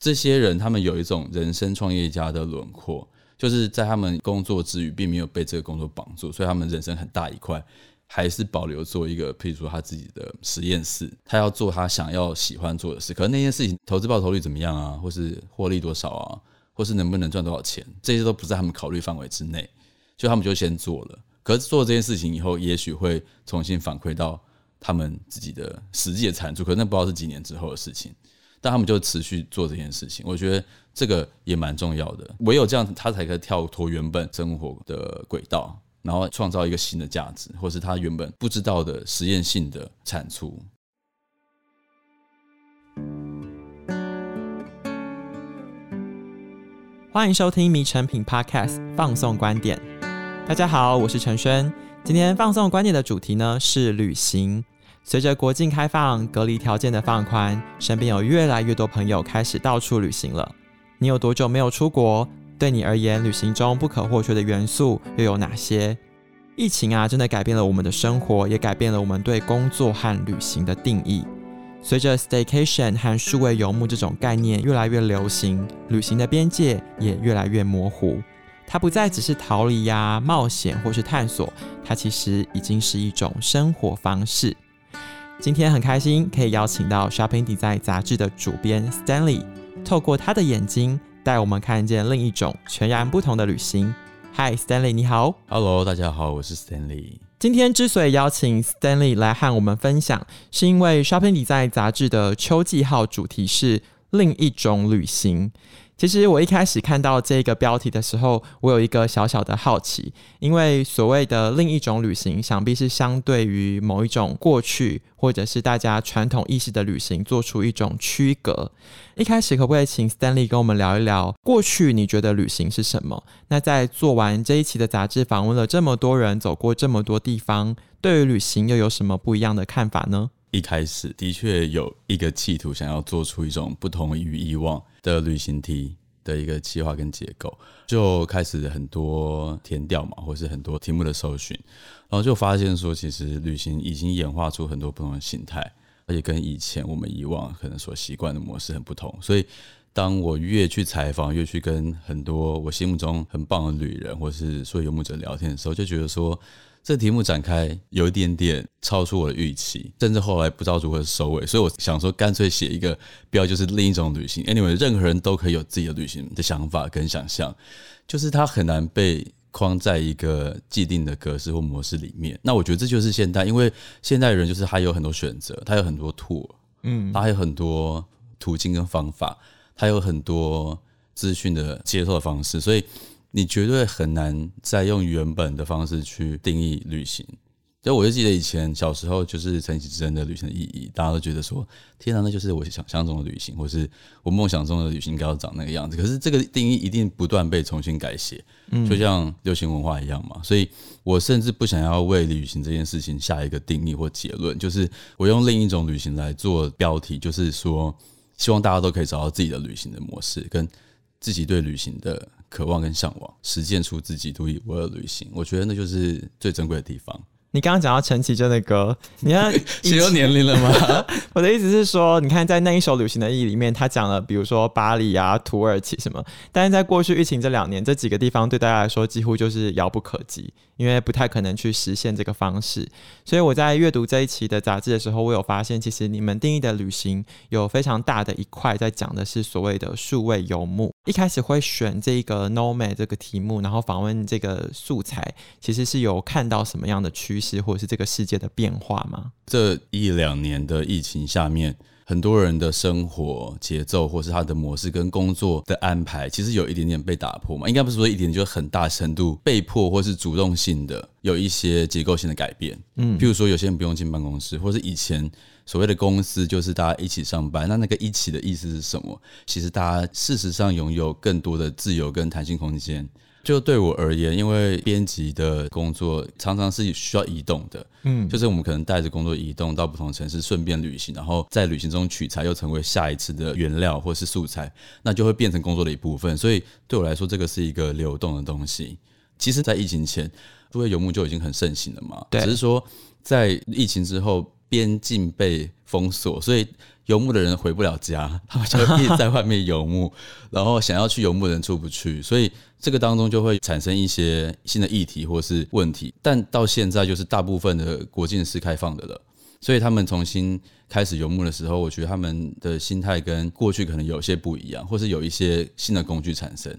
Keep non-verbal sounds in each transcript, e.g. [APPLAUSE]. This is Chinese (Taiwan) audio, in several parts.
這些人他們有一種人生創業家的輪廓，就是在他們工作之餘，並沒有被這個工作綁住，所以他們人生很大一塊還是保留做一個，譬如說他自己的實驗室，他要做他想要喜歡做的事。可是那件事情投資報酬率怎麼樣啊，或是獲利多少啊，或是能不能賺多少錢，這些都不在他們考慮範圍之內，所以他們就先做了。可是做這件事情以後，也許會重新反饋到他們自己的實際的產出，可那不知道是幾年之後的事情。但他們就持續做這件事情，我覺得這個也蠻重要的。唯有這樣，他才可以跳脫原本生活的軌道，然後創造一個新的價值，或是他原本不知道的實驗性的產出。歡迎收聽《迷誠品 Podcast》放送觀點。大家好，我是承軒。今天放送觀點的主題呢是旅行。隨着國境開放、隔離條件的放寬，身邊有越來越多朋友開始到處旅行了。你有多久沒有出國？對你而言，旅行中不可或缺的元素又有哪些？疫情啊，真的改變了我們的生活，也改變了我們對工作和旅行的定義。隨着 staycation 和數位遊牧這種概念越來越流行，旅行的邊界也越來越模糊。它不再只是逃離呀、啊、冒險或是探索，它其實已經是一種生活方式。今天很開心可以邀請到《ShoppingDesign》雜誌的主編 Stanley，透過他的眼睛帶我們看見另一種全然不同的旅行。Hi Stanley，你好。Hello，大家好，我是 Stanley。今天之所以邀請 Stanley 來和我們分享，是因為《ShoppingDesign》雜誌的秋季號主題是另一種旅行。其實我一開始看到這個標題的時候，我有一個小小的好奇，因為所謂的另一種旅行，想必是相對於某一種過去或者是大家傳統意識的旅行做出一種區隔。一開始，可不可以請 Stanley 跟我們聊一聊過去你覺得旅行是什麼？那在做完這一期的雜誌，訪問了這麼多人，走過這麼多地方，對於旅行又有什麼不一樣的看法呢？一開始的確有一個企圖，想要做出一種不同於以往的旅行題的一個企劃跟結構就開始很多田調嘛，或是很多題目的搜尋，然後就發現說，其實旅行已經演化出很多不同的形態，而且跟以前我們以往可能所習慣的模式很不同。所以，當我越去採訪，越去跟很多我心目中很棒的旅人或是說遊牧者聊天的時候，就覺得說。這題目展開有一點點超出我的預期，甚至後來不知道如何收尾，所以我想說，乾脆寫一個標就是另一種旅行。Anyway，任何人都可以有自己的旅行的想法跟想象，就是它很難被框在一個既定的格式或模式裡面。那我覺得這就是現代，因為現代人就是他有很多選擇，他有很多 tool，嗯，他有很多途徑跟方法，他有很多資訊的接受的方式，所以。你絕對很難再用原本的方式去定義旅行。就我就記得以前小時候，就是陳綺貞的旅行的意義，大家都覺得說：“天吶、啊，那就是我想象中的旅行，或是我夢想中的旅行，應該要長那個樣子。”可是這個定義一定不斷被重新改寫，就像流行文化一樣嘛。所以我甚至不想要為旅行這件事情下一個定義或結論，就是我用另一種旅行來做標題，就是說，希望大家都可以找到自己的旅行的模式，跟自己對旅行的。渴望跟嚮往，實踐出自己獨一無二的旅行，我覺得那就是最珍貴的地方。你剛剛講到陳綺貞的歌，你看，誰有 [LAUGHS] 年齡了嗎？ [LAUGHS] 我的意思是說，你看在那一首《旅行的意義》裡面，他講了比如說巴黎啊、土耳其什麼，但是在過去疫情這兩年，這幾個地方對大家來說幾乎就是遙不可及，因為不太可能去實現這個方式。所以我在閱讀這一期的雜誌的時候，我有發現，其實你們定義的旅行有非常大的一塊在講的是所謂的數位遊牧。一開始會選這個 Nomad 這個題目，然後訪問這個素材，其實是有看到什麼樣的趨勢，或者是這個世界的變化嗎？這一兩年的疫情下面，很多人的生活節奏，或是他的模式跟工作的安排，其實有一點點被打破嘛。應該不是說一點，就是很大程度被迫，或是主動性的有一些結構性的改變。嗯，譬如說有些人不用進辦公室，或是以前。所謂的公司就是大家一起上班，那那個“一起”的意思是什麼？其實大家事實上擁有更多的自由跟彈性空間。就對我而言，因為編輯的工作常常是需要移動的，嗯，就是我們可能帶着工作移動到不同城市，順便旅行，然後在旅行中取材，又成為下一次的原料或是素材，那就會變成工作的一部分。所以對我來說，這個是一個流動的東西。其實，在疫情前，數位游牧就已經很盛行了嘛，對只是說在疫情之後。邊境被封鎖，所以游牧的人回不了家，他們就一直在外面游牧。 [LAUGHS] 然後想要去游牧的人出不去，所以這個當中就會產生一些新的議題或是問題。但到現在，就是大部分的國境是開放的了，所以他們重新開始游牧的時候，我覺得他們的心態跟過去可能有些不一樣，或是有一些新的工具產生。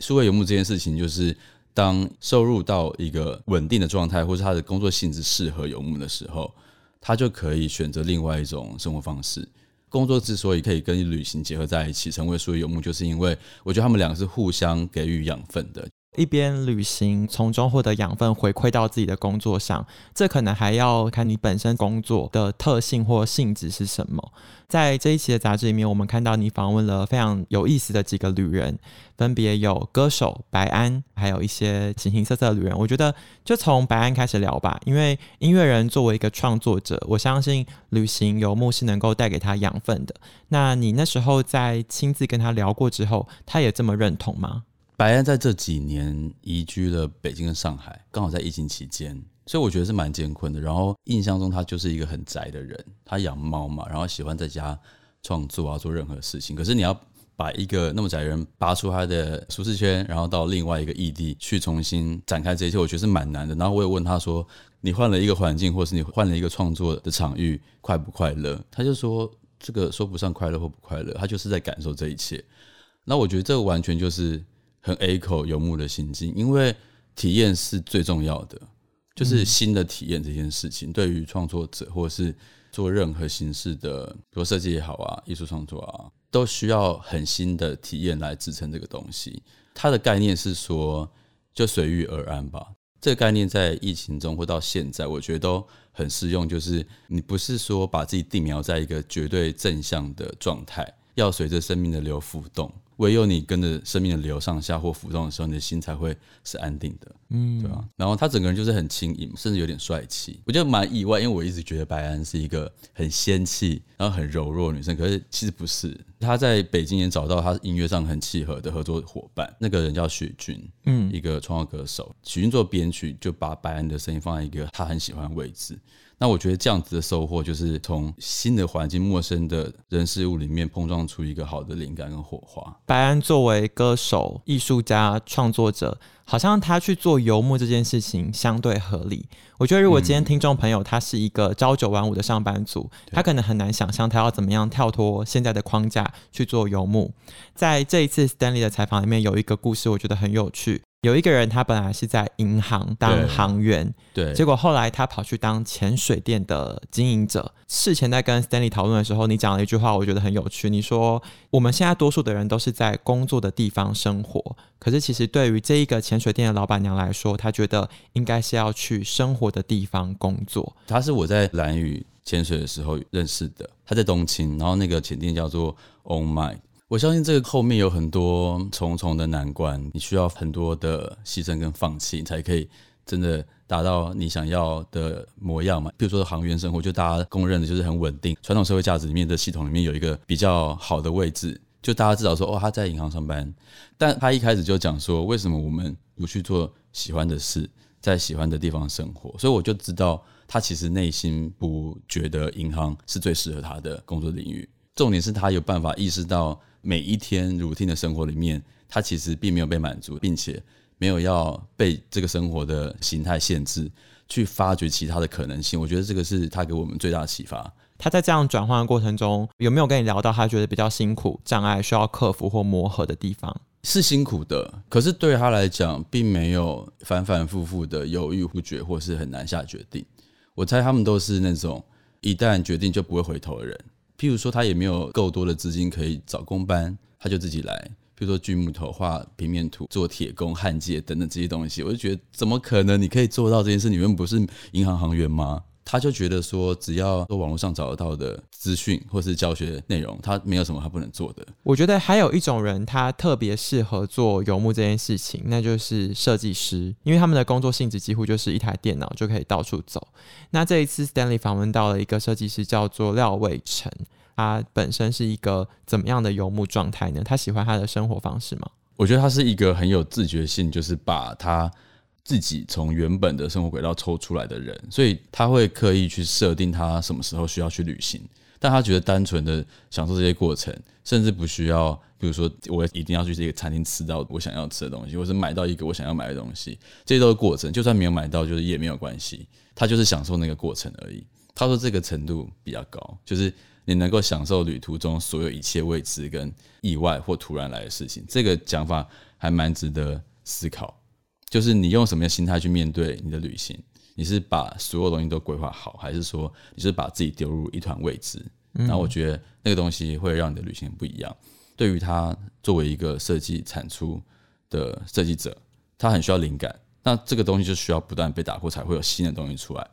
數位游牧這件事情，就是當收入到一個穩定的狀態，或是他的工作性質適合游牧的時候，他就可以選擇另外一種生活方式。工作之所以可以跟旅行結合在一起，成為“數位遊牧”，就是因為我覺得他們兩個是互相給予養分的。一邊旅行，從中獲得養分，回饋到自己的工作上，這可能還要看你本身工作的特性或性質是什麼。在這一期的雜誌裡面，我們看到你訪問了非常有意思的幾個旅人，分別有歌手白安，還有一些形形色色的旅人。我覺得就從白安開始聊吧，因為音樂人作為一個創作者，我相信旅行游牧是能夠帶給他養分的。那你那時候在親自跟他聊過之後，他也這麼認同嗎？白安在這幾年移居了北京跟上海，剛好在疫情期間，所以我覺得是蠻艱困的。然後印象中他就是一個很宅的人，他養貓嘛，然後喜歡在家創作啊，做任何事情。可是你要把一個那麼宅的人拔出他的舒適圈，然後到另外一個異地去重新展開這一切，我覺得是蠻難的。然後我也問他說：“你換了一個環境，或是你換了一個創作的場域，快不快樂？”他就說：“這個說不上快樂或不快樂，他就是在感受這一切。”那我覺得這個完全就是。跟 A 口游牧的心境，因為體驗是最重要的，就是新的體驗這件事情，嗯、對於創作者或者是做任何形式的，比如設計也好啊，藝術創作啊，都需要很新的體驗來支撐這個東西。它的概念是說，就隨遇而安吧。這個概念在疫情中或到現在，我覺得都很適用。就是你不是說把自己定錨在一個絕對正向的狀態，要隨着生命的流浮動。唯有你跟着生命的流上下或浮動的時候，你的心才會是安定的，嗯，對吧？然後他整個人就是很輕盈，甚至有點帥氣，我覺得蠻意外，因為我一直覺得白安是一個很仙氣，然後很柔弱的女生，可是其實不是。他在北京也找到他音樂上很契合的合作夥伴，那個人叫許君，嗯，一個創作歌手，許君做編曲，就把白安的聲音放在一個他很喜歡的位置。那我覺得這樣子的收穫，就是從新的環境、陌生的人事物裡面碰撞出一個好的靈感跟火花。白安作為歌手、藝術家、創作者。好像他去做游牧這件事情相對合理。我覺得如果今天聽眾朋友，嗯，他是一個朝九晚五的上班族，他可能很難想象他要怎麼樣跳脫現在的框架去做游牧。在這一次 Stanley 的採訪裡面有一個故事，我覺得很有趣。有一個人他本來是在銀行當行員，對，對。結果後來他跑去當潛水店的經營者。事前在跟 Stanley 討論的時候，你講了一句話，我覺得很有趣。你說，我們現在多數的人都是在工作的地方生活，可是其實對於這一個潛潛水店的老闆娘來說，她覺得應該是要去生活的地方工作。她是我在蘭嶼潛水的時候認識的，她在東清，然後那個潛店叫做 Oh My。我相信這個後面有很多重重的難關，你需要很多的犧牲跟放棄，你才可以真的達到你想要的模樣嘛。比如說，行員生活，就大家公認的就是很穩定，傳統社會價值裡面的系統裡面有一個比較好的位置。就大家知道說，哦，他在銀行上班，但他一開始就講說，為什麼我們不去做喜歡的事，在喜歡的地方生活？所以我就知道，他其實內心不覺得銀行是最適合他的工作領域。重點是他有辦法意識到，每一天如 e 的生活裡面，他其實並沒有被滿足，並且沒有要被這個生活的形態限制，去發掘其他的可能性。我覺得這個是他給我們最大的啟發。他在這樣轉換的過程中，有沒有跟你聊到他覺得比較辛苦、障礙需要克服或磨合的地方？是辛苦的，可是對他來講，並沒有反反复复的猶豫不決，或是很難下決定。我猜他們都是那種一旦決定就不會回頭的人。譬如說，他也沒有夠多的資金可以找工班，他就自己來。譬如說，鋸木頭、畫平面圖、做鐵工、焊接等等這些東西，我就覺得怎麼可能？你可以做到這件事？你們不是銀行行員嗎？他就覺得說，只要網絡上找得到的資訊或是教學內容，他沒有什麼他不能做的。我覺得還有一種人，他特別適合做游牧這件事情，那就是設計師，因為他們的工作性質幾乎就是一台電腦就可以到處走。那這一次，Stanley 訪問到了一個設計師，叫做廖偉成，他本身是一個怎麼樣的游牧狀態呢？他喜歡他的生活方式嗎？我覺得他是一個很有自覺性，就是把他。自己從原本的生活軌道抽出來的人，所以他會刻意去設定他什麼時候需要去旅行，但他覺得單純的享受這些過程，甚至不需要，比如說我一定要去這個餐廳吃到我想要吃的東西，或是買到一個我想要買的東西，這都是過程，就算沒有買到，就是也沒有關係，他就是享受那個過程而已。他說這個程度比較高，就是你能夠享受旅途中所有一切未知跟意外或突然來的事情，這個講法還蠻值得思考。就是你用什麼樣的心態去面對你的旅行？你是把所有東西都規劃好，還是說你是把自己丟入一團未知？那我覺得那個東西會讓你的旅行不一樣。對於他作為一個設計產出的設計者，他很需要靈感。那這個東西就需要不斷被打破，才會有新的東西出來。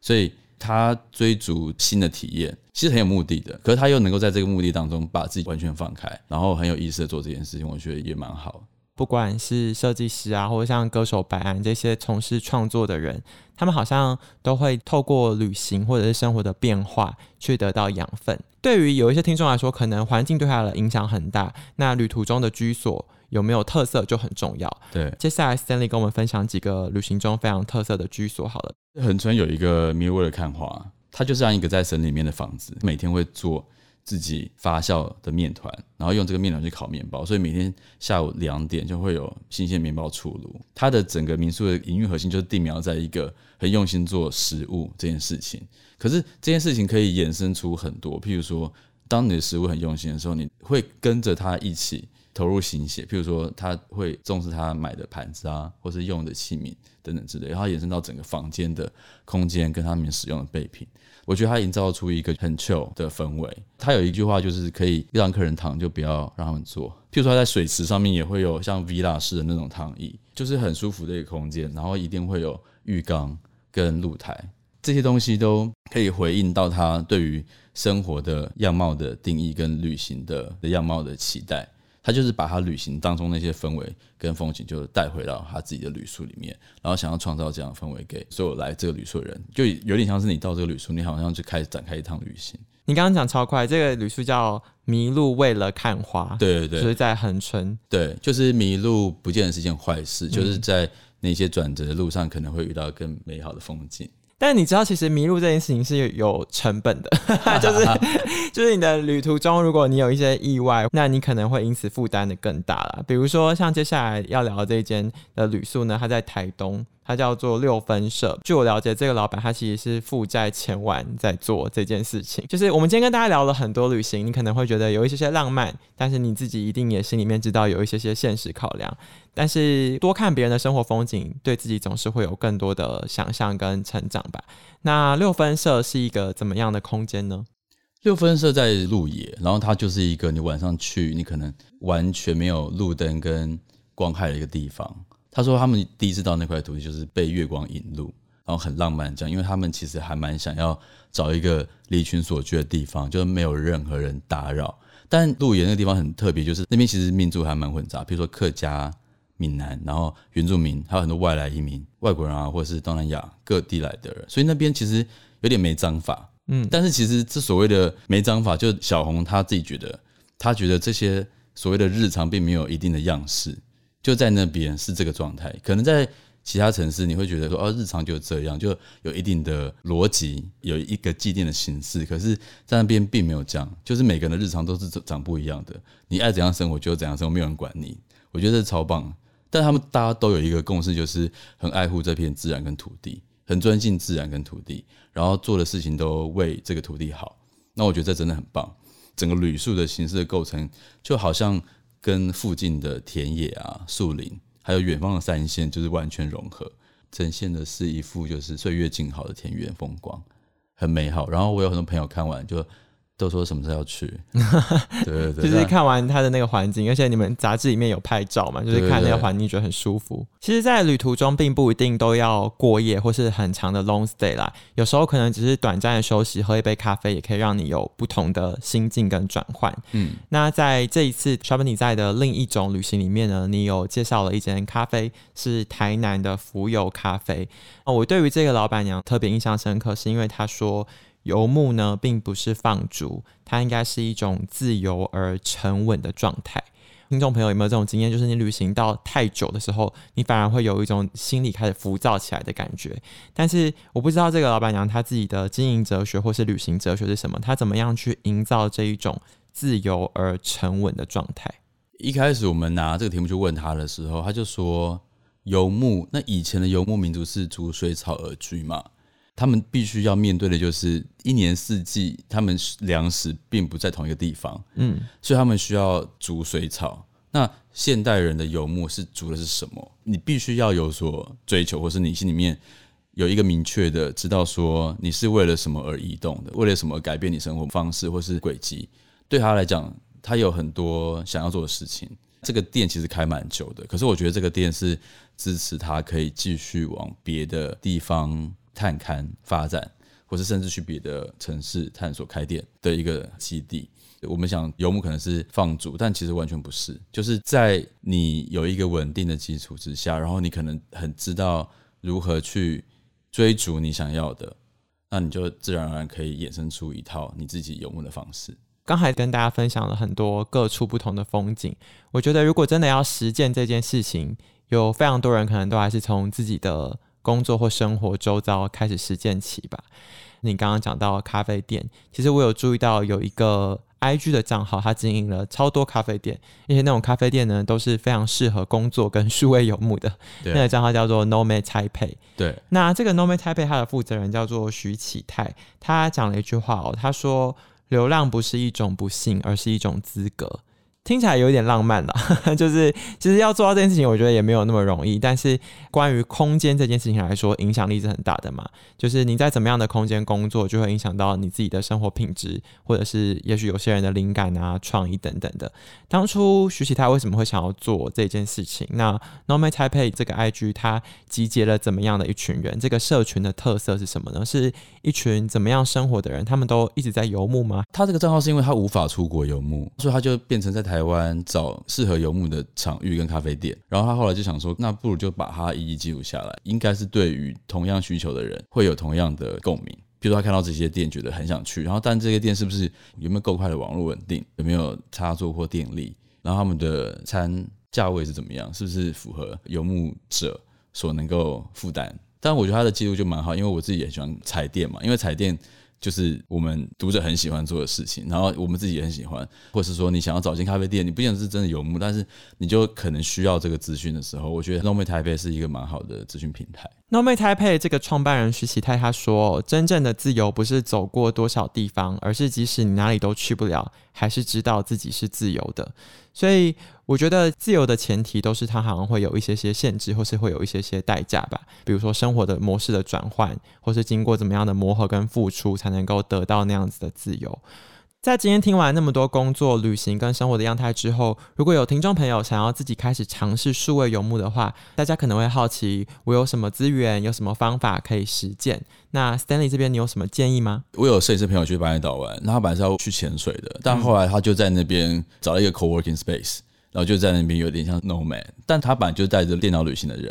所以他追逐新的體驗，其實很有目的的。可是他又能夠在這個目的當中把自己完全放開，然後很有意思的做這件事情，我覺得也蠻好。不管是設計師啊，或者像歌手白安這些從事創作的人，他們好像都會透過旅行或者是生活的變化去得到養分。對於有一些聽眾來說，可能環境對他的影響很大。那旅途中的居所有沒有特色就很重要。對，接下來 Stanley 跟我們分享幾個旅行中非常特色的居所。好了，恆春有一個 mirror 的看法，它就是像一個在山裡面的房子，每天會做自己發酵的麵團，然後用這個麵團去烤麵包，所以每天下午兩點就會有新鮮麵包出爐。它的整個民宿的營運核心就是定錨在一個很用心做食物這件事情。可是這件事情可以衍生出很多，譬如說，當你的食物很用心的時候，你會跟着他一起。投入心血，譬如說他會重視他買的盤子啊，或是用的器皿等等之類，然後延伸到整個房間的空間跟他們使用的備品。我覺得他營造出一個很 chill 的氛圍。他有一句話就是可以讓客人躺就不要讓他們坐。譬如說他在水池上面也會有像 Villa 式的那種躺椅，就是很舒服的一個空間。然後一定會有浴缸跟露台，這些東西都可以回應到他對於生活的樣貌的定義跟旅行的的樣貌的期待。他就是把他旅行當中那些氛圍跟風景，就帶回到他自己的旅宿裡面，然後想要創造這樣的氛圍給所有來這個旅宿的人，就有點像是你到這個旅宿，你好像就開始展開一趟旅行。你剛剛講超快，這個旅宿叫“迷路為了看花”，對對對，所以在恆春。對，就是迷路不見得是一件壞事，就是在那些轉折的路上，可能會遇到更美好的風景。但你知道，其實迷路這件事情是有成本的， [LAUGHS] [LAUGHS] 就是就是你的旅途中，如果你有一些意外，那你可能會因此負擔的更大啦。比如說，像接下來要聊的這一間的旅宿呢，它在台東。它叫做六分社。據我了解，這個老闆他其實是負債千萬在做這件事情。就是我們今天跟大家聊了很多旅行，你可能會覺得有一些些浪漫，但是你自己一定也心裡面知道有一些些現實考量。但是多看別人的生活風景，對自己總是會有更多的想象跟成長吧。那六分社是一個怎麼樣的空間呢？六分社在鹿野，然後它就是一個你晚上去，你可能完全沒有路燈跟光害的一個地方。他說：“他們第一次到那塊土地，就是被月光引路，然後很浪漫這樣，因為他們其實還蠻想要找一個離群所居的地方，就是沒有任何人打擾。但鹿野那個地方很特別，就是那邊其實民族還蠻混雜，比如說客家、閩南，然後原住民，還有很多外來移民、外國人啊，或是東南亞各地來的人，所以那邊其實有點沒章法。嗯，但是其實這所謂的沒章法，就小紅她自己覺得，她覺得這些所謂的日常並沒有一定的樣式。”就在那邊是這個狀態，可能在其他城市你會覺得說哦，日常就這樣，就有一定的邏輯，有一個既定的形式。可是，在那邊並沒有這樣，就是每個人的日常都是長不一樣的。你愛怎樣生活就怎樣生活，沒有人管你。我覺得這是超棒。但他們大家都有一個共識，就是很愛護這片自然跟土地，很尊敬自然跟土地，然後做的事情都為這個土地好。那我覺得這真的很棒。整個旅宿的形式的構成，就好像。跟附近的田野啊、樹林，還有遠方的山線，就是完全融合，呈現的是一幅就是歲月靜好的田園風光，很美好。然後我有很多朋友看完就。都說什麼時候要去，對對對。 [LAUGHS] 就是看完他的那個環境，而且你們雜誌裡面有拍照嘛，就是看那個環境，覺得很舒服。對對對。其實，在旅途中並不一定都要過夜或是很長的 long stay 啦。有時候可能只是短暫的休息，喝一杯咖啡也可以讓你有不同的心境跟轉換。嗯，那在這一次 ShoppingDesign 的另一種旅行裡面呢，你有介紹了一間咖啡是台南的浮游咖啡。我對於這個老板娘特別印象深刻，是因為她說。遊牧呢，並不是放逐，它應該是一種自由而沉穩的狀態。聽眾朋友有沒有這種經驗？就是你旅行到太久的時候，你反而會有一種心裡開始浮躁起來的感覺。但是我不知道這個老闆娘她自己的經營哲學或是旅行哲學是什麼，她怎麼樣去營造這一種自由而沉穩的狀態？一開始我們拿這個題目去問她的時候，她就說：“遊牧，那以前的遊牧民族是逐水草而居嘛。”他們必須要面對的就是一年四季，他們糧食並不在同一個地方，嗯，所以他們需要逐水草。那現代人的游牧是逐的是什麼？你必須要有所追求，或是你心裡面有一個明確的知道，說你是為了什麼而移動的，為了什麼而改變你生活方式或是軌跡。對他來講，他有很多想要做的事情。這個店其實開蠻久的，可是我覺得這個店是支持他可以繼續往別的地方探勘發展，或是甚至去別的城市探索開店的一個基地。我們想遊牧可能是放逐，但其實完全不是。就是在你有一個穩定的基礎之下，然後你可能很知道如何去追逐你想要的，那你就自然而然可以衍生出一套你自己遊牧的方式。剛才跟大家分享了很多各處不同的風景。我覺得如果真的要實踐這件事情，有非常多人可能都還是從自己的，工作或生活周遭開始實踐起吧！你剛剛講到咖啡店，其實我有注意到有一個 I G 的賬號，它經營了超多咖啡店，而且那種咖啡店呢都是非常適合工作跟數位游牧的。那個賬號叫做 Nomad Taipei，對，那這個 Nomad Taipei 它的負責人叫做徐啟泰，他講了一句話哦，他說：“流量不是一種不幸，而是一種資格。”聽起來有點浪漫了，哈哈，就是其實要做到這件事情，我覺得也沒有那麼容易。但是關於空間這件事情來說，影響力是很大的嘛。就是你在怎麼樣的空間工作，就會影響到你自己的生活品質，或者是也許有些人的靈感啊、創意等等的。當初徐啟泰為什麼會想要做這件事情？那 Nomad Taipei 這個 IG，他集結了怎麼樣的一群人？這個社群的特色是什麼呢？是一群怎麼樣生活的人？他們都一直在遊牧嗎？他這個賬號是因為他無法出國遊牧，所以他就變成在台。台灣找適合遊牧的場域跟咖啡店，然後他後來就想說，那不如就把它一一記錄下來，應該是對於同樣需求的人會有同樣的共鳴。比如說他看到這些店覺得很想去，然後但這些店是不是有沒有夠快的網絡穩定，有沒有插座或電力，然後他們的餐價位是怎麼樣，是不是符合遊牧者所能夠負擔？但我覺得他的記錄就蠻好，因為我自己也很喜歡踩店嘛，因為踩店。就是我們讀者很喜歡做的事情，然後我們自己也很喜歡，或是說你想要找間咖啡店，你不想是真的游牧，但是你就可能需要這個資訊的時候，我覺得 Nomad Taipei 是一個蠻好的資訊平台。Nomad Taipei 這個創辦人徐啟泰他說：“真正的自由不是走過多少地方，而是即使你哪裡都去不了，還是知道自己是自由的。所以我覺得自由的前提都是他好像會有一些些限制，或是會有一些些代價吧。比如說生活的模式的轉換，或是經過怎麼樣的磨合跟付出，才能夠得到那樣子的自由。”在今天聽完那麼多工作、旅行跟生活的樣態之後，如果有聽眾朋友想要自己開始嘗試數位游牧的話，大家可能會好奇我有什麼資源、有什麼方法可以實踐。那 Stanley 這邊你有什麼建議嗎？我有攝影師朋友去峇里島玩，那他本來是要去潛水的，但後來他就在那邊找了一個 co-working space，然後就在那邊有點像 nomad，但他本來就帶着電腦旅行的人。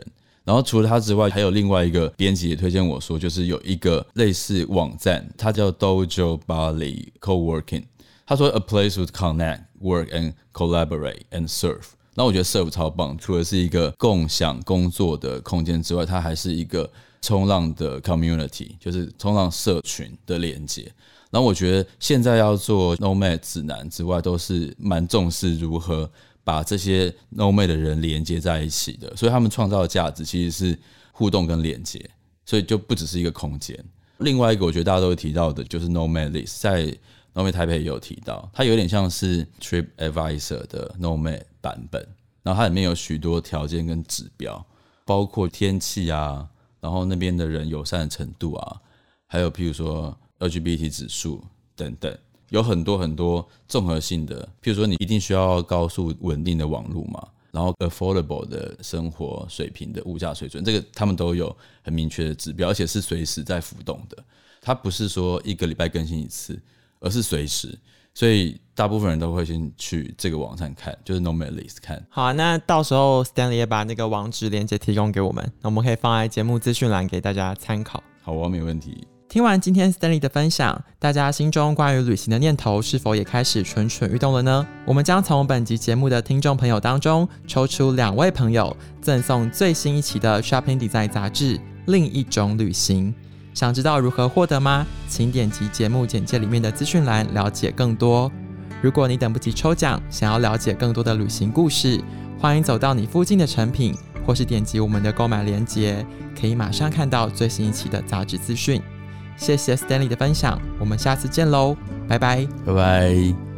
然後除了他之外，還有另外一個編輯也推薦我說，就是有一個類似網站，它叫 Dojo Bali Coworking。他說，A place with connect, work and collaborate and surf。那我覺得 surf 超棒，除了是一個共享工作的空間之外，它還是一個衝浪的 community，就是衝浪社群的連接。然後我覺得現在要做 nomad 指南之外，都是蠻重視如何。把這些 Nomad 的人連接在一起的，所以他們創造的價值其實是互動跟連接，所以就不只是一個空間。另外一個我覺得大家都會提到的就是 Nomad List，在 Nomad 台北也有提到，它有點像是 Trip Advisor 的 Nomad 版本，然後它裡面有許多條件跟指標，包括天氣啊，然後那邊的人友善的程度啊，還有譬如說 LGBT 指數等等。有很多很多綜合性的，譬如說你一定需要高速穩定的網路嘛，然後 affordable 的生活水平的物價水準，這個他們都有很明確的指標，而且是隨時在浮動的，它不是說一個禮拜更新一次，而是隨時，所以大部分人都會先去這個網站看，就是 Nomad List 看。好啊，那到時候 Stanley 也把那個網址連結提供給我們，那我們可以放在節目資訊欄給大家參考。好我、啊、沒問題。聽完今天 Stanley 的分享，大家心中關於旅行的念頭是否也開始蠢蠢欲動了呢？我們將從本集節目的聽眾朋友當中抽出兩位朋友，贈送最新一期的《Shopping Design》雜誌《另一種旅行》。想知道如何獲得嗎？請點擊節目簡介裡面的資訊欄了解更多。如果你等不及抽獎，想要了解更多的旅行故事，歡迎走到你附近的誠品，或是點擊我們的購買鏈接，可以馬上看到最新一期的雜誌資訊。謝謝 Stanley 的分享，我們下次見嘍，拜拜，拜拜。